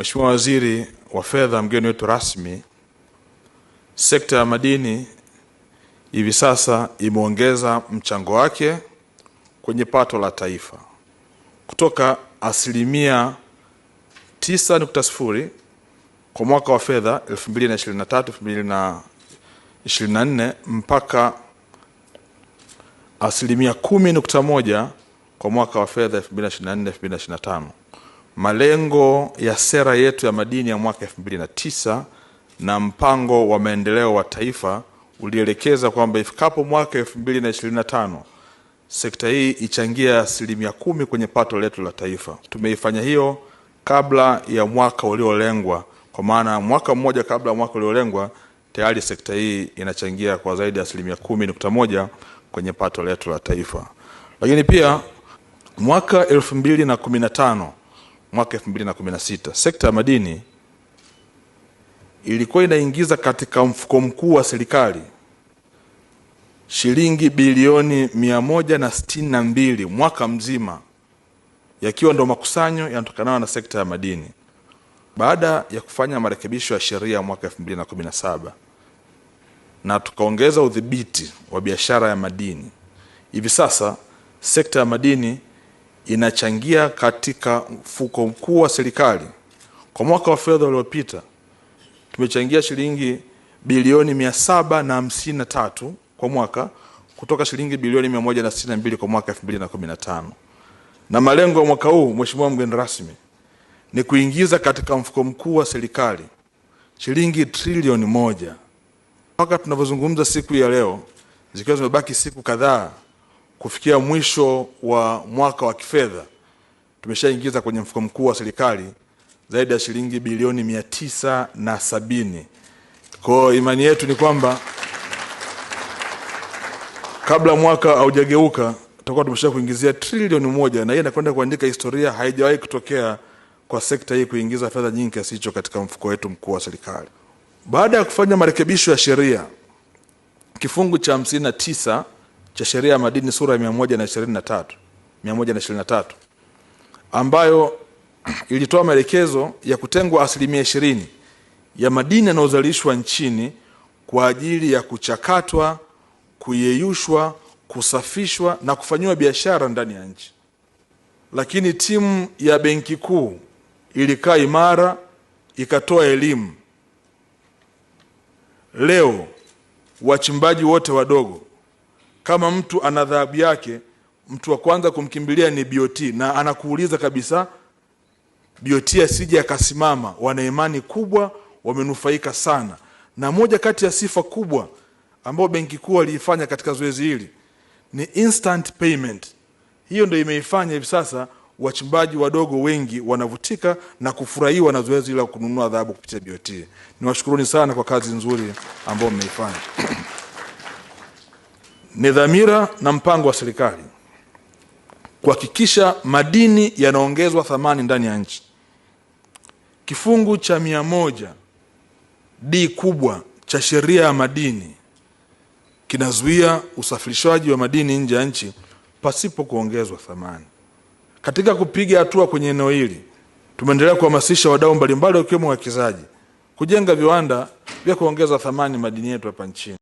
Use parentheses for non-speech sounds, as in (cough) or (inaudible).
Mheshimiwa Waziri wa Fedha, mgeni wetu rasmi, sekta ya madini hivi sasa imeongeza mchango wake kwenye pato la taifa kutoka asilimia 9.0 kwa mwaka wa fedha 2023 2024 mpaka asilimia 10.1 kwa mwaka wa fedha 2024 2025 malengo ya sera yetu ya madini ya mwaka 2009 na mpango wa maendeleo wa taifa ulielekeza kwamba ifikapo mwaka 2025 sekta hii ichangia asilimia kumi kwenye pato letu la taifa. Tumeifanya hiyo kabla ya mwaka uliolengwa, kwa maana mwaka mmoja kabla ya mwaka uliolengwa tayari sekta hii inachangia kwa zaidi ya asilimia kumi nukta moja kwenye pato letu la taifa. Lakini pia mwaka 2015 mwaka 2016. Sekta ya madini ilikuwa inaingiza katika mfuko mkuu wa serikali shilingi bilioni 162 mwaka mzima, yakiwa ndo makusanyo yanatokanayo na sekta ya madini. Baada ya kufanya marekebisho ya sheria mwaka 2017 na tukaongeza udhibiti wa biashara ya madini, hivi sasa sekta ya madini inachangia katika mfuko mkuu wa serikali. Kwa mwaka wa fedha uliopita tumechangia shilingi bilioni mia saba na hamsini na tatu kwa mwaka kutoka shilingi bilioni mia moja na sitini na mbili kwa mwaka 2015 na malengo ya mwaka huu, Mheshimiwa mgeni rasmi, ni kuingiza katika mfuko mkuu wa serikali shilingi trilioni moja. Mpaka tunavyozungumza siku ya leo, zikiwa zimebaki siku kadhaa kufikia mwisho wa mwaka wa kifedha tumeshaingiza kwenye mfuko mkuu wa serikali zaidi ya shilingi bilioni mia tisa na sabini. Kwa imani yetu ni kwamba kabla mwaka haujageuka tutakuwa tumesha kuingizia trilioni moja, na hii inakwenda kuandika historia. Haijawahi kutokea kwa sekta hii kuingiza fedha nyingi kiasi hicho katika mfuko wetu mkuu wa serikali. Baada ya kufanya marekebisho ya sheria kifungu cha hamsini na tisa cha sheria ya madini sura ya 123 123 ambayo (clears throat) ilitoa maelekezo ya kutengwa asilimia ishirini ya madini yanayozalishwa nchini kwa ajili ya kuchakatwa, kuyeyushwa, kusafishwa na kufanyiwa biashara ndani ya nchi. Lakini timu ya Benki Kuu ilikaa imara, ikatoa elimu. Leo wachimbaji wote wadogo kama mtu ana dhahabu yake, mtu wa kwanza kumkimbilia ni BOT, na anakuuliza kabisa BOT asije akasimama. Wana imani kubwa, wamenufaika sana, na moja kati ya sifa kubwa ambayo benki kuu waliifanya katika zoezi hili ni instant payment. Hiyo ndio imeifanya hivi sasa wachimbaji wadogo wengi wanavutika na kufurahiwa na zoezi la kununua dhahabu kupitia BOT. Niwashukuruni sana kwa kazi nzuri ambayo mmeifanya. Ni dhamira na mpango wa serikali kuhakikisha madini yanaongezwa thamani ndani ya nchi. Kifungu cha mia moja D kubwa cha sheria ya madini kinazuia usafirishaji wa madini nje ya nchi pasipo kuongezwa thamani. Katika kupiga hatua kwenye eneo hili, tumeendelea kuhamasisha wadau mbalimbali wakiwemo wawekezaji kujenga viwanda vya kuongeza thamani madini yetu hapa nchini.